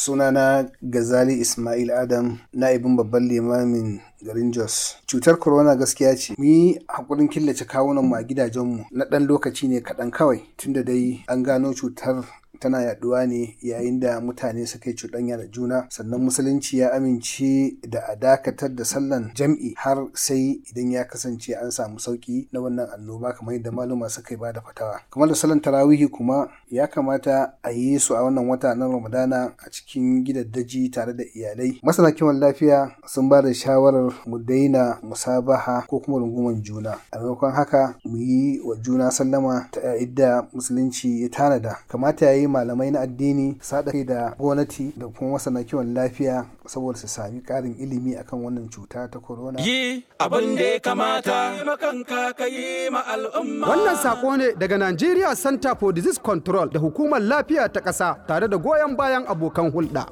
sunana gazali ismail adam na'ibin babban limamin garin jos cutar corona gaskiya ce mu yi haƙurin killace kawunanmu mu a gidajenmu na ɗan lokaci ne kaɗan kawai tunda dai an gano cutar tana yaduwa ne yayin da mutane suka yi cuɗanya da juna sannan musulunci ya amince da a dakatar da sallan jam'i har sai idan ya kasance an samu sauki na wannan annoba kamar yadda maluma suka yi ba da fatawa kamar da sallan tarawihi kuma ya kamata a yi su a wannan wata na ramadana a cikin gidaddaji tare da iyalai masana kiwon lafiya sun ba da shawarar mu daina musabaha ko kuma runguman juna a maimakon haka mu yi wa juna sallama ta yadda musulunci ya tanada kamata ya yi malamai na addini sada da gwamnati da kuma masana kiwon lafiya saboda su sami karin ilimi akan wannan cuta ta corona yi abin da ya kamata makanka ka yi ma al'umma wannan sako ne daga Nigeria Center for Disease Control da hukumar lafiya ta ƙasa tare da goyon bayan abokan hulɗa